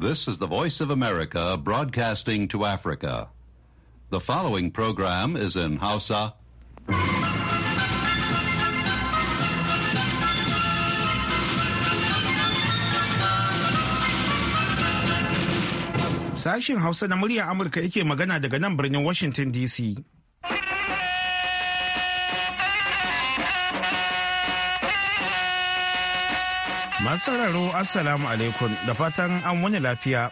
This is the Voice of America broadcasting to Africa. The following program is in Hausa. Sashin Hausa na muryar Amurka yake magana daga nan birnin Washington DC. Masu sauraro Assalamu alaikum da fatan an wani lafiya.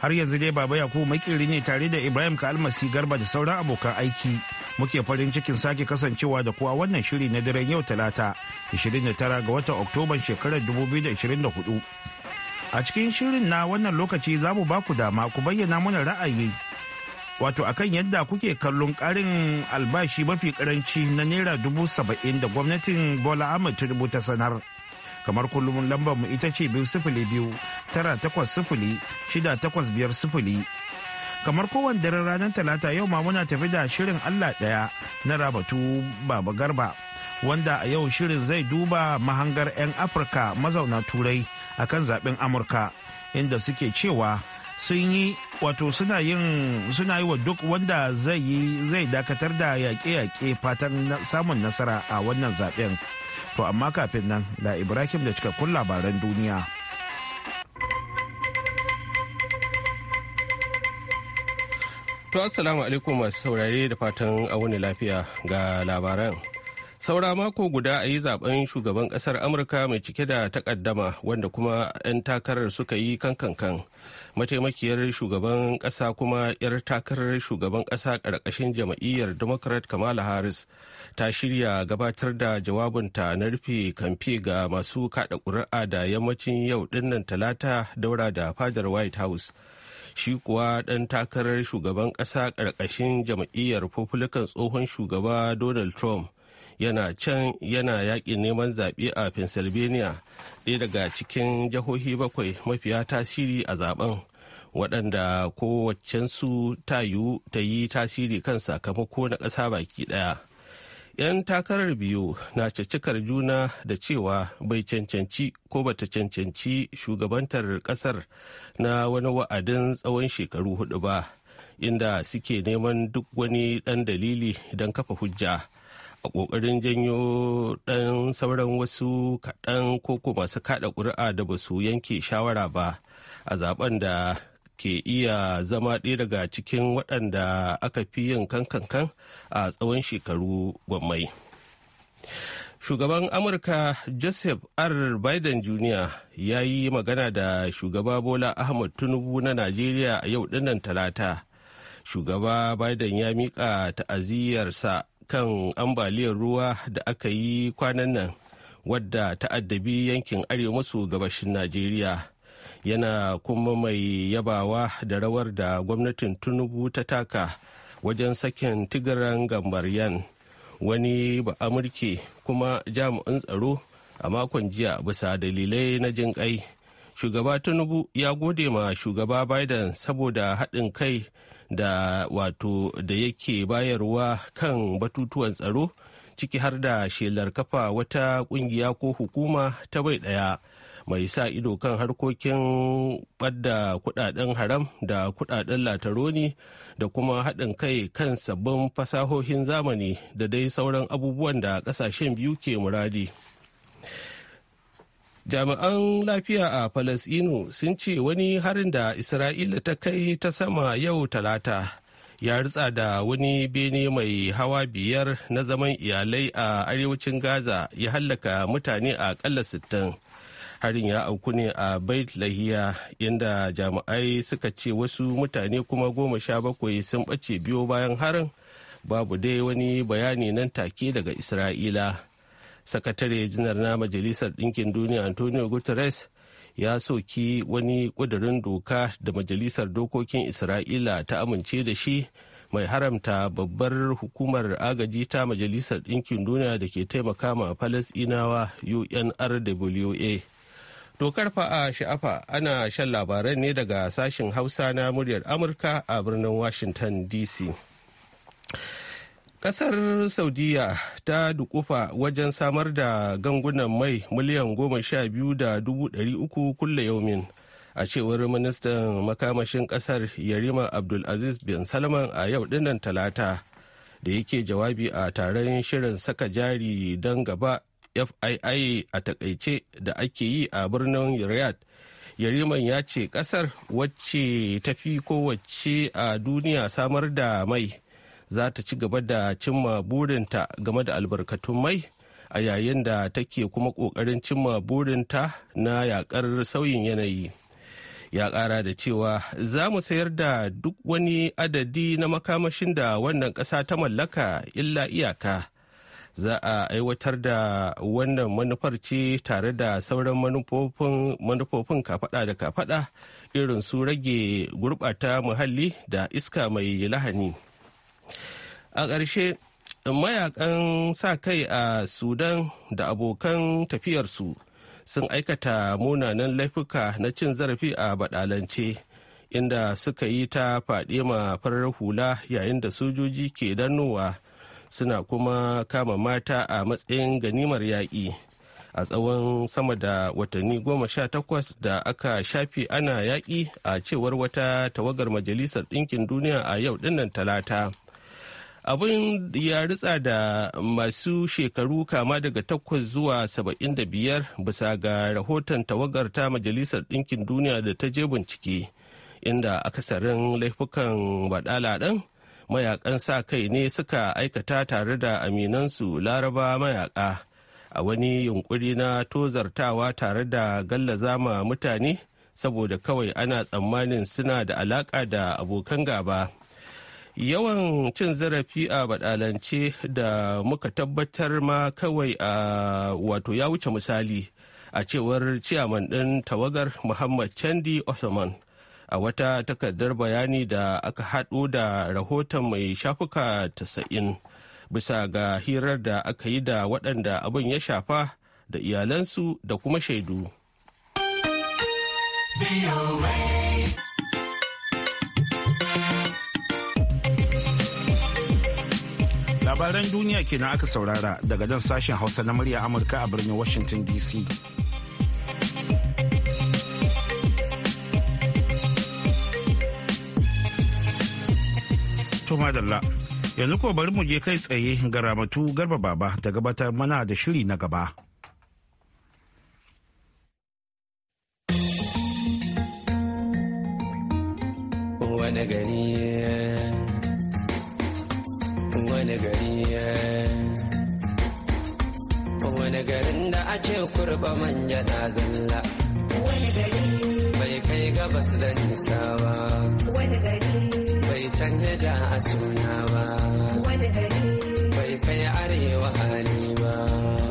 Har yanzu dai Baba Yakubu makiri ne tare da Ibrahim Kalmasi Garba da sauran abokan aiki. Muke farin cikin sake kasancewa da kuwa wannan shiri na daren yau Talata 29 ga watan Oktoban shekarar 2024. A cikin shirin na wannan lokaci za mu baku dama ku bayyana mana ra'ayi wato akan yadda kuke kallon karin albashi mafi karanci na naira dubu saba'in da gwamnatin bola ahmed tinubu ta sanar kamar kullum lambar mu ita ce biyu sifili biyu tara takwas sifili shida takwas biyar sifili kamar kowane dare ranar talata yau ma muna tafi da shirin allah ɗaya na rabatu baba garba wanda a yau shirin zai duba mahangar 'yan afirka mazauna turai akan zaben amurka inda suke cewa sun yi wato suna yin suna yi wa duk wanda zai yi zai dakatar da yaƙe-yaƙe fatan samun nasara a wannan zaben to amma kafin nan da ibrahim da cikakkun labaran duniya to assalamu alaikum masu saurare da fatan a wani lafiya ga labaran saura mako guda a yi zaben shugaban kasar amurka mai cike da takaddama wanda kuma 'yan takarar suka yi kankankan mataimakiyar shugaban kasa kuma 'yar takarar shugaban kasa karkashin jam'iyyar democrat kamala harris ta shirya gabatar da jawabinta na rufe kamfe ga masu kada ƙuri'a da yammacin yau dinnan talata daura da fadar white house shi kuwa ɗan takarar shugaban ƙasa ƙarƙashin jam'iyyar republican tsohon shugaba donald trump yana can yana yaƙin neman zaɓe a pennsylvania ɗaya daga cikin jihohi bakwai mafiya tasiri a zaben waɗanda kowaccensu ta yi tasiri kan sakamako na ƙasa baki ɗaya 'yan takarar biyu na cicikar juna da cewa bai cancanci ko bata cancanci shugabantar kasar na wani wa'adin tsawon shekaru hudu ba inda suke neman duk wani ɗan dalili don kafa hujja a ƙoƙarin janyo ɗan sauran wasu kaɗan koko masu kaɗa ƙuri'a da ba su yanke shawara ba a zaben da ke iya zama ɗaya daga cikin waɗanda aka fi yin kankankan a tsawon shekaru gwammai. Shugaban Amurka Joseph R. Biden Jr. ya yi magana da shugaba Bola Ahmad tunubu na Najeriya a yau dinnan talata. Shugaba Biden ya miƙa ta'aziyarsa kan ambaliyar ruwa da aka yi kwanan nan wadda ta'addabi yankin arewa maso gabashin najeriya yana kuma mai yabawa da rawar da gwamnatin tunubu ta taka wajen sakin tigiran gambaryan wani ba amurke kuma jami'in tsaro a makon jiya bisa dalilai na jin kai shugaba Tunubu ya gode ma shugaba biden saboda haɗin kai da wato da yake bayarwa kan batutuwan tsaro ciki har da shelar kafa wata kungiya ko hukuma ta bai daya mai sa ido kan harkokin ɓadda kudaden haram da kudaden lataroni da kuma haɗin kai kan sabbin fasahohin zamani da dai sauran abubuwan da ƙasashen biyu ke muradi. jami'an lafiya a falasino sun ce wani harin da isra'ila ta kai ta sama yau talata ya ritsa da wani bene mai hawa biyar na zaman iyalai a arewacin gaza ya hallaka mutane a kalla sittin harin ya auku ne a bait lahiya inda jami'ai suka ce wasu mutane kuma goma sha bakwai sun bace biyo bayan harin babu dai wani bayani nan take daga isra'ila sakatare janar na majalisar ɗinkin duniya antonio guterres ya soki wani ƙudurin doka da majalisar dokokin isra'ila ta amince da shi mai haramta babbar hukumar agaji ta majalisar ɗinkin duniya da ke taimaka ma falasɗinawa unrwa dokar fa'a sha'afa ana shan labaran ne daga sashen hausa na muryar amurka a birnin washington dc Kasar Saudiya ta dukufa wajen samar da gangunan mai miliyan goma sha biyu da dubu ɗari uku kulle yaumin. A cewar ministan makamashin kasar Yarima Abdulaziz bin Salman a yau dinnan talata da yake jawabi a taron shirin saka jari don gaba FII a takaice da ake yi a birnin Riyadh. Yariman ya ce kasar wacce ta fi kowace a duniya samar da mai. za ta ci gaba da cimma burinta game da albarkatun mai a yayin da take kuma ƙoƙarin cimma burinta na yaƙar sauyin yanayi ya ƙara da cewa za mu sayar da duk wani adadi na makamashin da wannan ƙasa ta mallaka illa iyaka za a aiwatar da wannan manufar ce tare da sauran manufofin kafada da kafada irin su rage gurɓata muhalli da iska mai lahani. a ƙarshe mayakan sa kai a sudan da abokan tafiyarsu sun aikata munanan laifuka na cin zarafi a badalance inda suka yi ta faɗi ma farar hula yayin da sojoji ke danowa suna kuma kama mata a matsayin ganimar yaƙi a tsawon sama da watanni goma sha takwas da aka shafi ana yaƙi a cewar wata tawagar majalisar ɗinkin duniya a yau dinnan talata abin ya ritsa da masu shekaru kama daga takwas zuwa saba'in da biyar bisa ga rahoton tawagar ta majalisar ɗinkin duniya da ta je bincike inda akasarin laifukan baɗala ɗan mayakan sa kai ne suka aikata tare da aminansu laraba mayaka a wani yunkuri na tozartawa tare da gallaza ma mutane saboda kawai ana tsammanin suna da alaƙa da abokan gaba. yawan cin zarafi a baɗalance da muka tabbatar ma kawai a wato ya wuce misali a cewar ciyaman ɗin tawagar muhammad chandi osman a wata takardar bayani da aka haɗo da rahoton mai shafuka 90 bisa ga hirar da aka yi da waɗanda abin ya shafa da iyalansu da kuma shaidu. labaran duniya kenan aka saurara daga dan sashen hausa na murya amurka a birnin washington dc yanzu ko bari mu je kai tsaye ga ramatu garba baba ta gabatar mana da shiri na gaba wani gari wani gari eh. wani garin da ake kurba manya na zalla wani gari bai kai gabas da nisa ba wani gari bai canja ja a suna ba wani gari bai kai arewa hali ba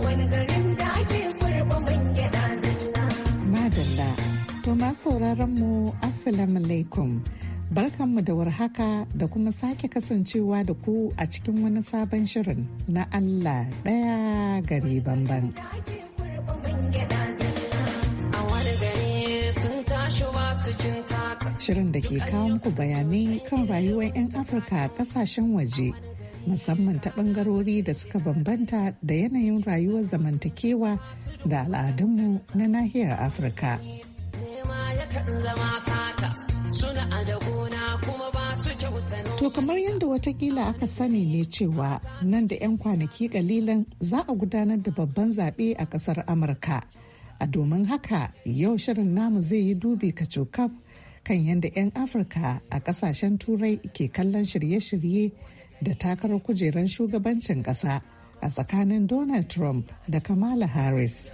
wani garin da ake kurba manya na zalla madalla to ma sauraron mu assalamu alaikum Barkanmu da warhaka da kuma sake kasancewa da ku a cikin wani sabon shirin na Allah ɗaya gari banban. Shirin da ke kawo muku bayanai kan rayuwar 'yan Afirka a ƙasashen waje, musamman ta ɓangarori da suka bambanta da yanayin rayuwar zamantakewa da al'adunmu na nahiyar Afirka. zama To kamar yadda watakila aka sani ne cewa nan da 'yan kwanaki kalilan za a gudanar da babban zaɓe a ƙasar Amurka. A domin haka yau shirin namu zai yi dubi kacokaf kan yadda 'yan Afirka a ƙasashen Turai ke kallon shirye-shirye da takarar kujerar shugabancin ƙasa a tsakanin Donald Trump da Kamala Harris.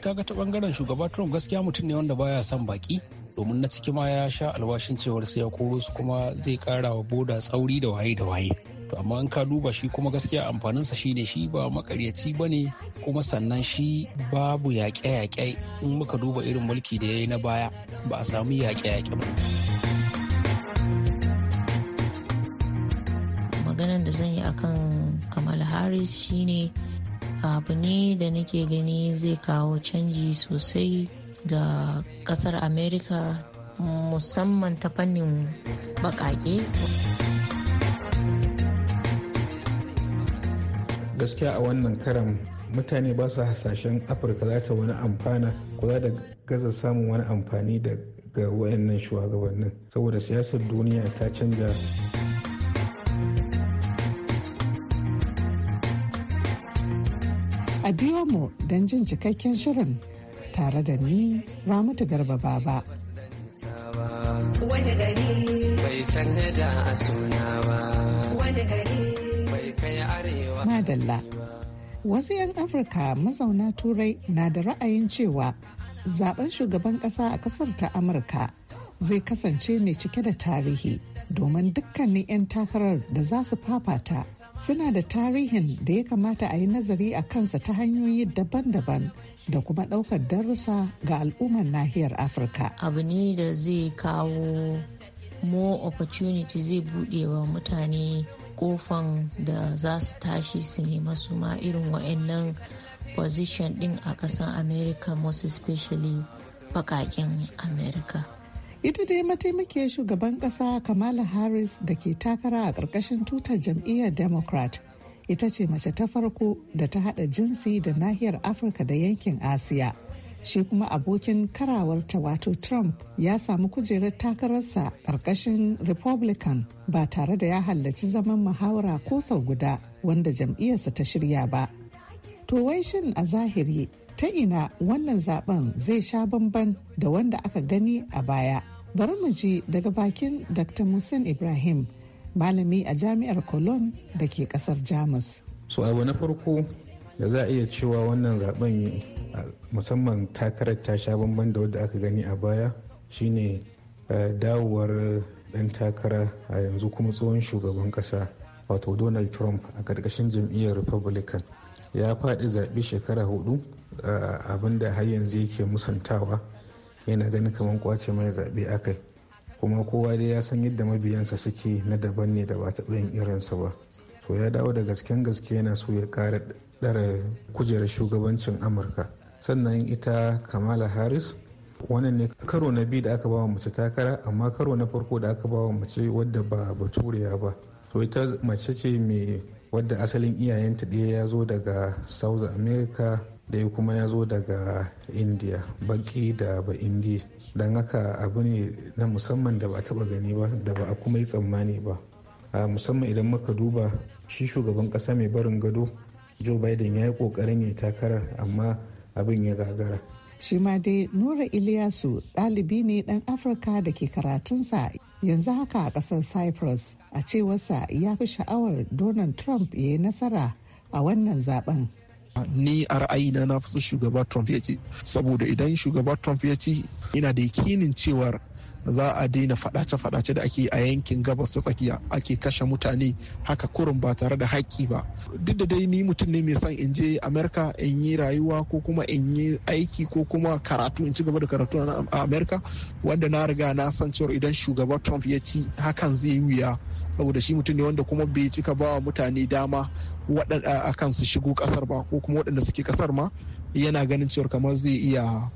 Kaga ta bangaren shugaba Trump gaskiya mutum ne wanda baya son baki domin na ciki ma ya sha alwashin cewar sai ya koro su kuma zai kara wa boda tsauri da waye da waye to amma in ka duba shi kuma gaskiya amfanin sa shine shi ba makaryaci ba kuma sannan shi babu yaƙe-yaƙe in muka duba irin mulki da ya yi na baya ba a samu yaƙe-yaƙe ba maganar da zan yi akan kamala harris shine abu ne da nake gani zai kawo canji sosai ga kasar america musamman ta fannin bakake gaskiya a wannan karan mutane ba su hasashen afirka za ta wani amfana kula da gaza samun wani amfani daga wayannan shugabannin saboda siyasar duniya ta canja a biyo mu don jin cikakken shirin tare da ni Ramatu Garba Baba. Wani gari bai Madalla. Wasu 'yan Afirka mazauna Turai na da ra'ayin cewa zaben shugaban ƙasa a ƙasar ta Amurka zai kasance mai cike da tarihi domin dukkanin 'yan takarar da za su fafata suna da tarihin da ya kamata a yi nazari a kansa ta hanyoyi daban-daban da kuma ɗaukar darussa ga al'ummar nahiyar afirka abu ne da zai kawo more opportunity zai buɗe wa mutane kofan da za su tashi su nema su ma irin wa'annan position din a ƙasar america most especially baƙaƙen america ita dai mataimakiyar shugaban kasa kamala harris da ke takara a ƙarƙashin tutar jam'iyyar democrat ita ce mace ta farko da ta haɗa jinsi da nahiyar afirka da yankin asiya shi kuma abokin karawarta wato trump ya samu kujerar takararsa ƙarƙashin republican ba tare da ya halarci zaman muhawara ko sau guda wanda jam'iyyarsa ta shirya ba to wai shin a zahiri ta ina wannan zaben zai sha bamban da wanda aka gani a baya bari mu ji daga bakin dr musin ibrahim malami a jami'ar cologne da ke kasar jamus so abu na farko da za a iya cewa wannan zaben musamman takarar ta sha bamban da wadda aka gani a baya shine dawowar dan takara a yanzu kuma tsohon shugaban kasa wato donald trump a karkashin jam'iyyar republican ya faɗi zaɓe shekara hudu abinda har yanzu yake musantawa yana ganin kamar kwace mai zaɓe akai kuma kowa dai ya san yadda mabiyansa suke na daban ne da ba ta yin irinsa ba to ya dawo da gasken gaske yana so ya ƙara ɗara kujerar shugabancin amurka sannan ita kamala harris wannan ne karo na biyu da aka ba wa mace takara amma karo na farko da aka ba wa mace wadda ba baturiya ba to ita mace ce mai wadda asalin iyayenta ɗaya ya zo daga south america ɗaya kuma ya zo daga indiya baki da ba indiya don haka abu ne na musamman da ba a taba gani ba da ba a kuma yi tsammani ba musamman idan muka duba shi shugaban ƙasa mai barin gado joe biden ya yi ƙoƙarin ya takarar amma abin ya gagara shi ma dai nura iliyasu ɗalibi ne ɗan afirka da ke karatunsa yanzu haka a ƙasar cyprus a cewarsa ya fi sha'awar donald trump ya yi nasara a wannan zaben ni a ra'ayi na fi shugaba trump ya ci saboda idan shugaba trump ya ci yana da yakinin cewar za a daina fadace-fadace da ake a yankin gabas ta tsakiya ake kashe mutane haka kurin ba tare da haƙƙi ba duk da dai ni mutum ne mai son in je amerika in yi rayuwa ko kuma in yi aiki ko kuma karatu in ci gaba da karatu a amerika wanda na riga na san cewa idan shugaba trump ya ci hakan zai wuya saboda shi mutum ne wanda kuma bai cika bawa mutane dama waɗanda a kan su shigo kasar ba ko kuma waɗanda suke kasar ma yana ganin cewar kamar zai iya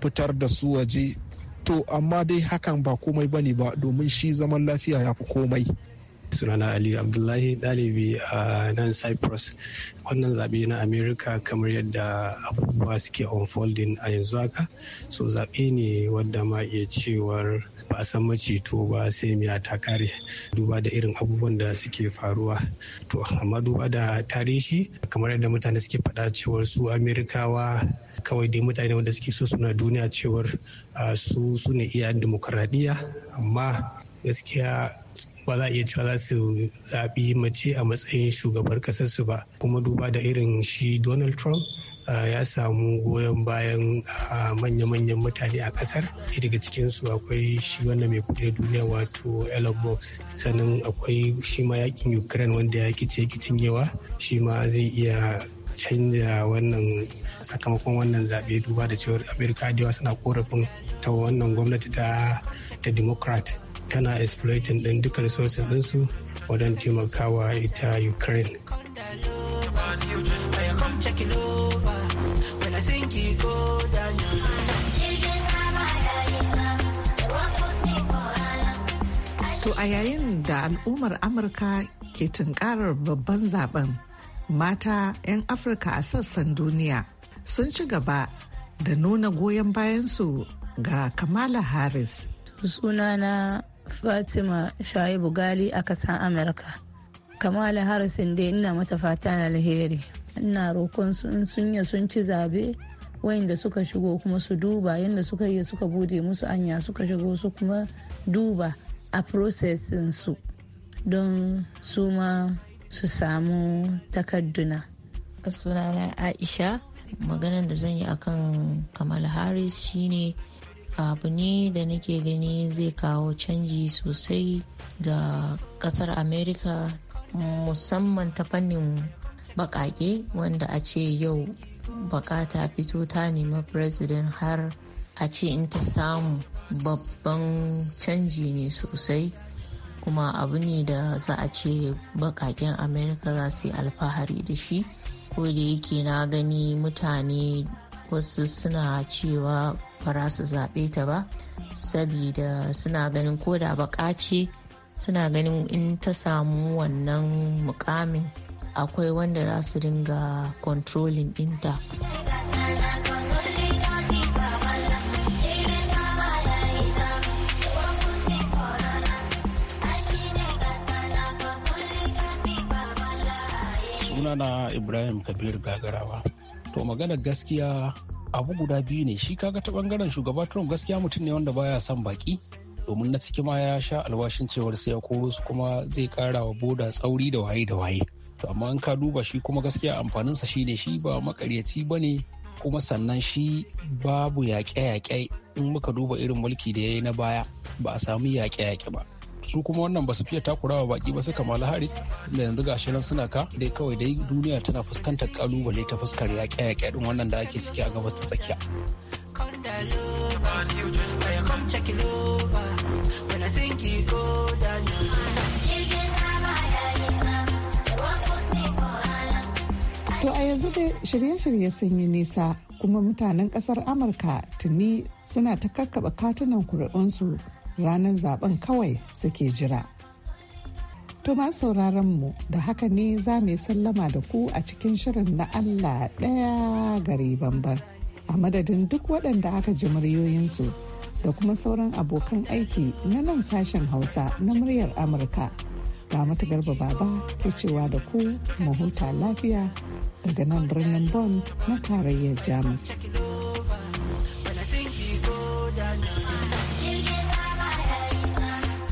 fitar da su waje to amma dai hakan ba komai ba ne ba domin shi zaman lafiya ya fi komai sunana ali abdullahi ɗalibi a nan cyprus wannan zaɓe na america kamar yadda abubuwa suke unfolding a yanzu haka so zaɓe ne wadda ma iya cewar ba a san maceto ba sai miya ta kare duba da irin abubuwan da suke faruwa to amma duba da tarihi kamar yadda mutane suke faɗa cewar su amerikawa kawai dai mutane wanda suke so suna duniya cewar ah, su su ne iya dimokuraɗiyya amma gaskiya ba za a iya cewa za su zaɓi mace a matsayin shugabar su ba kuma duba da irin shi donald trump ya samu goyon bayan manya-manyan mutane a ƙasar daga cikin su akwai shi wannan mai kuɗi duniya wato elon musk sannan akwai shi ma yakin ukraine wanda ya kice yawa shi ma zai iya canja wannan sakamakon wannan zaɓe duba da cewar amurka da suna korafin ta wannan gwamnati ta democrat tana exploiting din duka resources dinsu wajen taimakawa ita ukraine To a yayin da al'ummar Amurka ke tunkarar babban zaben mata 'yan Afirka a sassan duniya sun ci gaba da nuna goyon bayansu ga Kamala Harris. na fatima shaibu gali a kasan amurka kamala harrison dai ina mata fatan alheri ina roƙon sun sunya sun ci zabe wayanda suka shigo kuma su duba yadda suka yi suka bude musu anya suka shigo su kuma duba a processin su don su ma su samu takadduna sunana aisha maganan da zan yi akan kamala harris shine abu ne da nake gani zai kawo canji sosai ga kasar america musamman ta fannin bakake wanda a ce yau baka ta fito ta nemi president har a ce in ta samu babban canji ne sosai kuma abu ne da za a ce bakaken america za su yi alfahari da shi ko da yake na gani mutane wasu suna cewa ba su zaɓe ta ba sabida suna ganin ko da baƙa suna ganin in ta samu wannan mukamin akwai wanda za su dinga kontrolin ɗinta. na ibrahim kabir gagarawa to maganar gaskiya abu guda biyu ne shi kaga ta bangaren shugaba trump gaskiya mutum ne wanda baya son baki domin na ciki ma ya sha alwashin cewar sai ya koro su kuma zai kara wa boda tsauri da waye da waye to amma in ka duba shi kuma gaskiya amfanin sa shine shi ba makaryaci bane kuma sannan shi babu yaƙe-yaƙe in muka duba irin mulki da ya yi na baya ba a samu yaƙe-yaƙe ba su kuma wannan ba su fiye takurawa baki ba su kamala haris da yanzu gashi nan suna ka dai kawai dai duniya tana fuskantar kalubale ta fuskar yaƙe-yaƙe din wannan da ake ciki a gabas ta tsakiya To a yanzu dai shirye-shirye sun yi nisa kuma mutanen kasar Amurka tuni suna ta kakkaba katunan kuri'unsu ranar zaben kawai suke jira. Tuma ma sauraron mu da haka ne za mu sallama da ku a cikin shirin na Allah ɗaya gari banban, A madadin duk waɗanda aka ji muryoyinsu da kuma sauran abokan aiki na nan sashen Hausa na muryar Amurka. Ramatu Garba Baba ke cewa da ku mahuta lafiya daga nan birnin Bonn na tarayyar Jamus.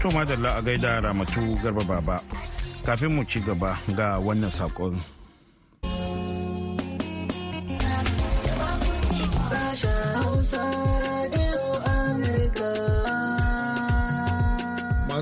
To madalla a gaida ramatu garba baba. Kafin mu ci gaba ga wannan saƙon.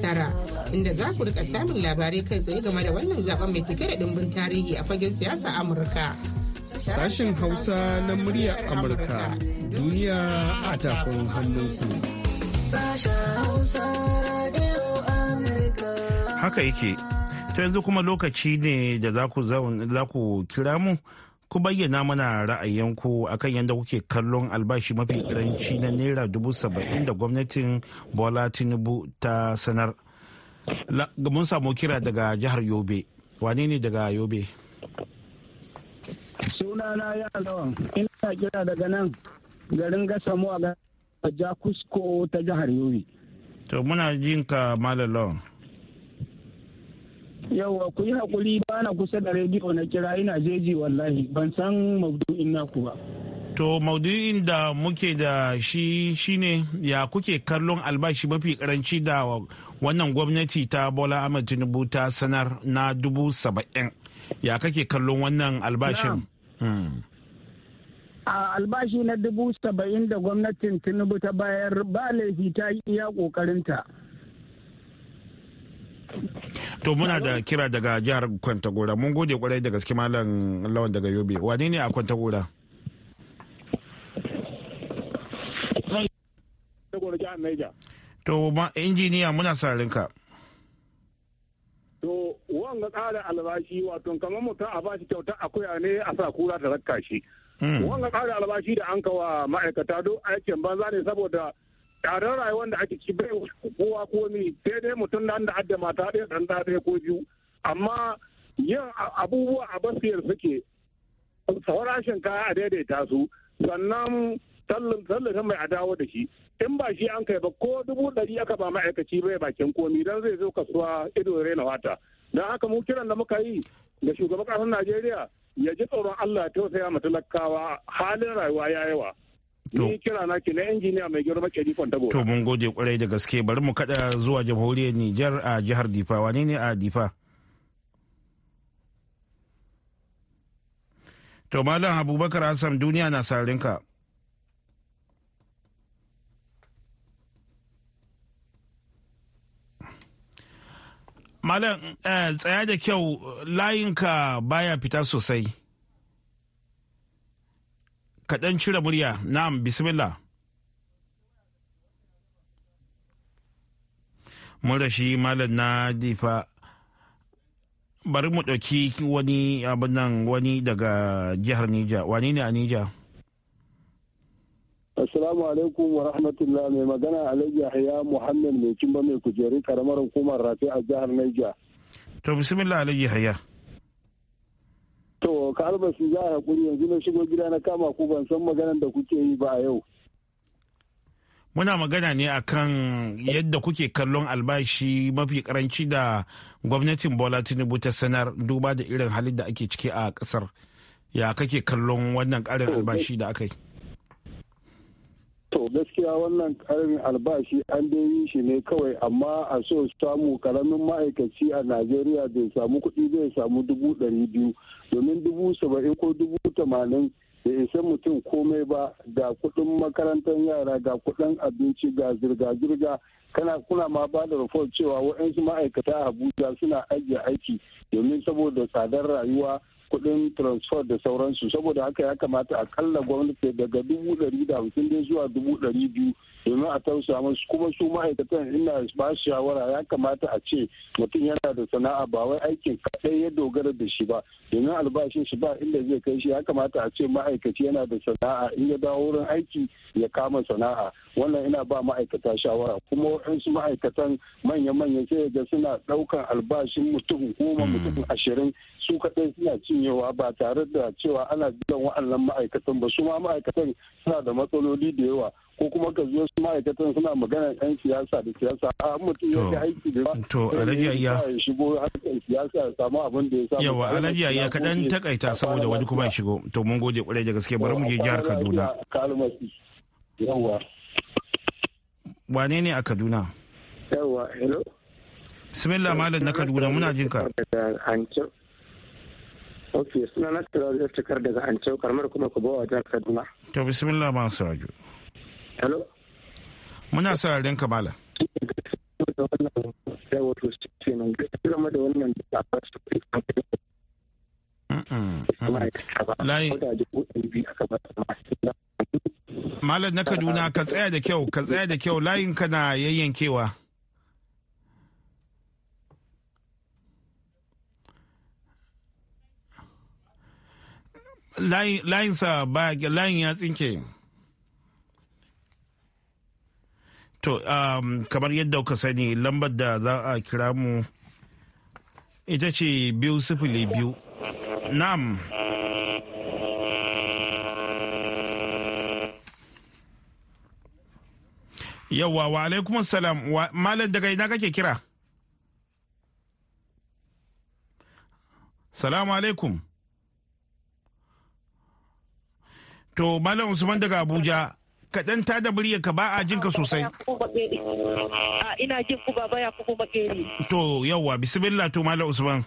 tara inda za ku rika samun labarai kai tsaye game da wannan zaben mai cike da dimbin tarihi a fagen siyasa Amurka. Sashen Hausa na murya Amurka duniya a tafin hannunku. Haka yake, to yanzu kuma lokaci ne da za ku kira mu ku bayyana mana ra'ayinku akan yadda kuke kallon albashi mafi karanci na naira dubu saba'in da gwamnatin bola tinubu ta sanar mun samu kira daga jihar yobe wane ne daga yobe sunana ya lawan ina kira daga nan garin gasamu a jakusko ta jihar yobe to muna jinka malam Yawwa ku yi hakuri ba na kusa da rediyo na kira ina jeji wallahi ban san maudu'in naku ba. To maudu'in da muke da shi shine ya kuke kallon albashi mafi karanci da wannan gwamnati ta Bola Ahmed Tinubu ta sanar na dubu saba'in. Ya kake kallon wannan albashin? Hmm. a albashi na dubu saba'in da gwamnatin tinubu ta bayar ba laifi ta iya kokarinta to muna da kira daga jihar kwantagora mun gode kwarai da gaske malam lawan daga yobe Wani ne a kwantagora to ma injiniya muna sarin ka to wanga tsarin albashi wato kamar mutum a bashi kyauta kuya ne a sa kura ta rakka shi hmm. wanga tsarin albashi da an kawa ma'aikata duk aikin banza ne saboda tsadar rayuwar da ake ci bai kowa ko ne sai dai mutum da adda mata ɗaya ɗan ɗaya ko biyu amma yin abubuwa a basiyar suke saurashin kaya a daidaita su sannan tallafi mai adawa da shi in ba shi an kai ba ko dubu ɗari aka ba ma'aikaci bai bakin komi don zai zo kasuwa ido raina wata don haka mu kiran da muka yi ga shugaban ƙasar najeriya ya ji tsoron allah ya tausaya ma talakawa halin rayuwa ya yawa Ni kira na ke na injiniya mai girma ke difon ta To mun gode kwarai da gaske bari mu kada zuwa jamhuriyar Nijar a jihar Difa wane ne a Difa? To Malam Abubakar Hassan duniya na sarin ka. Malam eh, tsaya da kyau layinka baya fita sosai. kaɗan cire murya na'am bismillah mun rashi malam na difa bari mu ɗauki wani abin wani daga jihar nija wani ne a nija Assalamu alaikum wa rahmatullah mai magana Alayya Yahya Muhammad mai kimba mai kujeru karamar hukumar Rafi a jihar Niger. To bismillah Alayya Yahya. To ka albasu za a haƙuri yanzu na shigo gida na kama ku ban san maganan da kuke yi ba a yau. Muna magana ne akan yadda kuke kallon albashi mafi karanci da gwamnatin Bola Tinubu ta sanar duba da irin halin da ake ciki a ƙasar. Ya kake kallon wannan ƙarin albashi da aka yi? To gaskiya wannan karin albashi an dai yi shi ne kawai amma a so samu karamin ma'aikaci a Najeriya bai samu kuɗi zai samu dubu ɗari biyu domin dubu saba'in ko dubu tamanin da isa mutum komai ba ga kuɗin makarantar yara ga kuɗin abinci ga zirga-zirga kana kuna ma ba da rufon cewa waɗansu ma'aikata Abuja suna ajiye aiki domin saboda tsadar rayuwa kuɗin transfer da sauransu saboda haka ya kamata akalla gwamnati daga dubu dari da hamsin dai zuwa dubu dari biyu domin a tausa musu kuma su ma'aikatan ina ba shawara ya kamata a ce mutum yana da sana'a ba wai aikin kaɗai ya dogara da shi ba domin albashin shi ba inda zai kai shi ya kamata a ce ma'aikaci yana da sana'a in ya dawo wurin aiki ya kama sana'a wannan ina ba ma'aikata shawara kuma waɗansu ma'aikatan manya-manya sai ga suna ɗaukan albashin mutum goma mutum ashirin su kaɗai suna cin janyewa ba tare da cewa ana biyan wa'annan ma'aikatan ba su ma ma'aikatan suna da matsaloli da yawa ko kuma ka zo su ma'aikatan suna magana yan siyasa da siyasa a mutum ya ga aiki da to alhaji ya shigo harkar siyasa ya samu abin da ya samu yawa alhaji ya kadan takaita saboda wani kuma ya shigo to mun gode kwarai da gaske bari mu je jihar Kaduna yawa wane ne a Kaduna yawa hello bismillah malam na Kaduna muna jinka ok suna na siraju ya cikar daga an cewa karmar kuma ku bawa jihar kaduna to bismillah ma su siraju hello muna sauraren ka malam Malam na Kaduna ka tsaya da kyau ka tsaya da kyau layinka na yayyankewa. layin ya tsinke to um, kamar yadda kuka sani lambar da za a kira mu ita ce biyu sifili biyu nam yawwa wa alaikum salam malar daga ina kake kira salamu alaikum To Malam Usman daga Abuja kaɗan ta da murya ka ba a jin ka sosai. Ina jin ku baya ya kuma To yawwa bismillah to Malam Usman.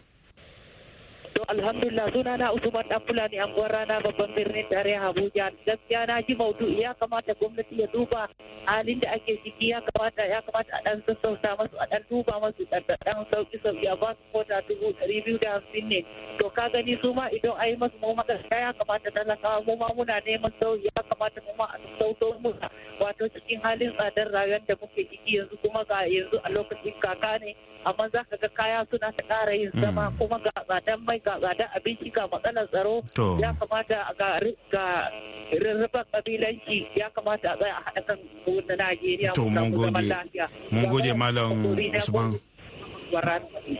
To alhamdulillah suna na Usman dan Fulani an na babban birnin dare habuja gaskiya na ji maudu'i ya kamata gwamnati ya duba halin da ake ciki ya kamata ya kamata a dan sassauta masu a dan duba masu dan sauki sauki a ba su kota dubu dari biyu da hamsin ne to ka gani su ma idan ai masu mu makarta ya kamata talakawa mu ma muna neman sauyi ya kamata mu ma a sassauto mu wato cikin halin tsadar rayuwar da muke ciki yanzu kuma ga yanzu a lokacin kaka ne amma za ka ga kaya suna ta ƙara yin sama mm. kuma ga tsadan mai ga tsadar abinci ga matsalar tsaro ya kamata ga rarraba kabilanci ya kamata a tsaya a haɗa kan na Najeriya mu samu zaman lafiya. Mun gode Malam Usman.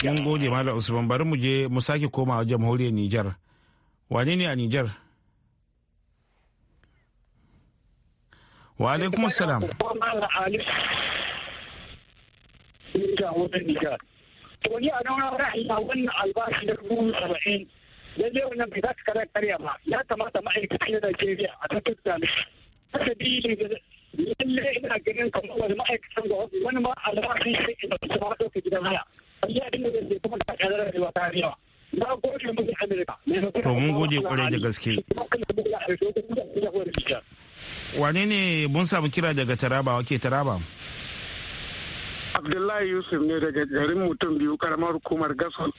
Mun gode Malam Usman bari mu je mu sake koma a jamhuriyar Nijar. Wane ne a Nijar? Wa alaikum salam. to ni a ra'ayi a wannan albashi na dubu arba'in lalle wannan bai za ka karya ba ya kamata ma'aikata na Najeriya a tattalin da Haka biyu da lalle ina ganin kamar wani ma'aikatan ga wani ma ina su ma gidan haya. Amma ya dinga zai kuma ta da ba ta yawa. Na gode muku Amerika. To mun gode kwarai da gaske. Wane ne mun samu kira daga Taraba wake Taraba? Abdullahi Yusuf ne daga garin mutum biyu karamar hukumar Gasol.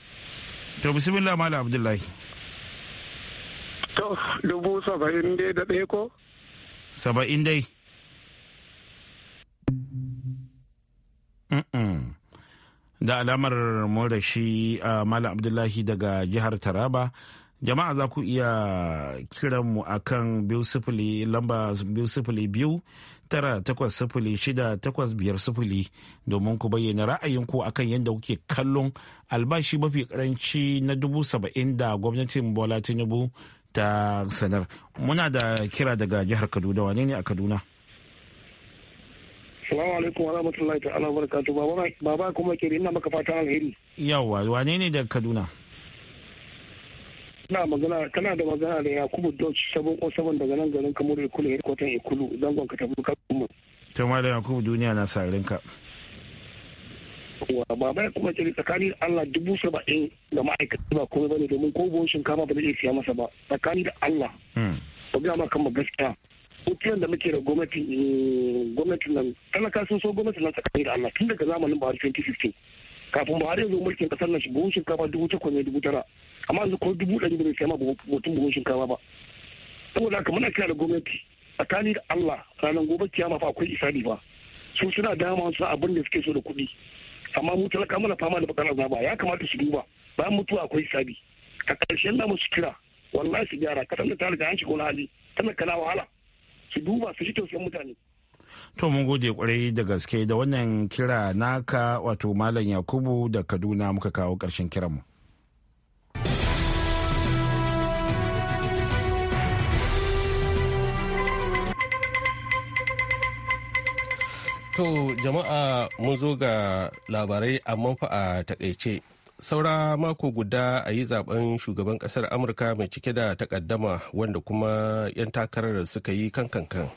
To bismillah Malam Abdullahi. To dubu saba'in dai da ɗaya ko? Saba'in dai. Da alamar more shi a Malam Abdullahi daga jihar Taraba. Jama'a za ku iya kiranmu a kan biyu sifili lamba biyu sifili biyu sifili domin ku bayyana ra'ayinku akan yadda kuke kallon albashi mafi karanci na dubu saba'in da gwamnatin bola tinubu ta sanar muna da kira daga jihar kaduna wane ne a kaduna Salamu alaikum wa rahmatullahi ta'ala wa barakatuh baba kuma kiri ina maka fatan alheri. Yawwa wane ne daga Kaduna? Kana magana kana da magana da Yakubu sabon 707 daga nan garin kamar Ikulu headquarter Ikulu zangon Katabu kuma Ta Malam Yakubu duniya na sarin ka. Wa ba ya kuma kiri tsakanin Allah dubu saba'in da ma'aikata ba komai bane domin ko buhun shinkafa ba zai siya masa ba tsakani da Allah. Hmm. Ba gama kan ma gaskiya. Hukunan da muke da gwamnati eh, gwamnatin nan talaka sun so gwamnati nan tsakani da Allah tun daga zamanin Buhari 2015. Kafin Buhari yanzu mulkin kasar nan buhun shinkafa dubu takwas ne dubu tara. amma yanzu ko dubu ɗari bai kai ma mutum buhun shinkafa ba saboda haka muna kira da gwamnati tsakani da Allah ranar gobe kiyama fa akwai isani ba su suna dama su abin da suke so da kuɗi amma mu talaka muna fama da bakar azaba ya kamata su duba bayan mutuwa akwai isabi a ƙarshen na su kira wallahi su gyara ka da ta riga an shiga wani hali talaka na wahala su duba su shi tausayin mutane To mun gode kwarai da gaske da wannan kira naka wato Malam Yakubu da Kaduna muka kawo ƙarshen kiranmu. To jama'a mun zo ga labarai amma fa a takaice. Saura mako guda a yi zaben shugaban kasar Amurka mai cike da takaddama wanda kuma 'yan takarar suka yi kankankan.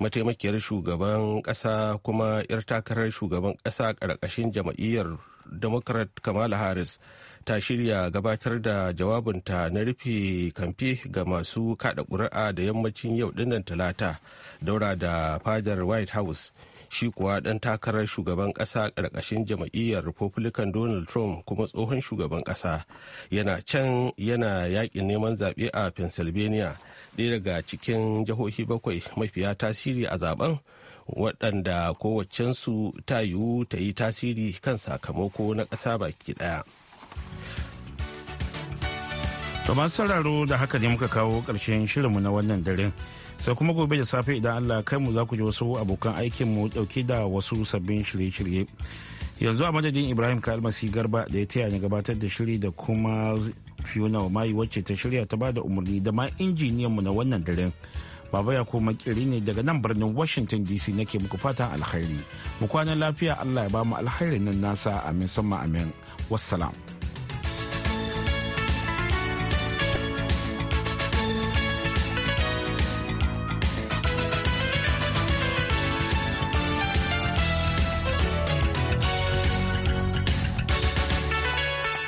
Mataimakiyar shugaban kasa kuma 'yar takarar shugaban kasa ƙarƙashin jama'iyyar Democrat Kamala Harris ta shirya gabatar da jawabinta na rufe kamfe ga masu kada ƙuri'a da yammacin yau dinnan talata daura da fadar White House. shi kuwa ɗan takarar shugaban ƙasa ƙarƙashin jam'iyyar republican donald trump kuma tsohon shugaban ƙasa yana can yana yaƙin neman zaɓe a pennsylvania ɗaya daga cikin jihohi bakwai mafiya tasiri a zaben waɗanda kowaccensu ta yiwu ta yi tasiri kan sakamako na ƙasa baki ɗaya To masu da haka ne muka kawo ƙarshen shirinmu na wannan daren sai kuma gobe da safe idan allah kai mu za ku ji wasu abokan aikin mu dauke da wasu sabbin shirye-shirye yanzu a madadin ibrahim kalmasi garba da ya taya ni gabatar da shiri da kuma fiona mai wacce ta shirya ta bada umarni da ma injiniyan mu na wannan daren baba ya kuma kiri ne daga nan birnin washington dc nake muku fatan alkhairi mu kwana lafiya allah ya ba mu alkhairin nan nasa amin sama amin wassalam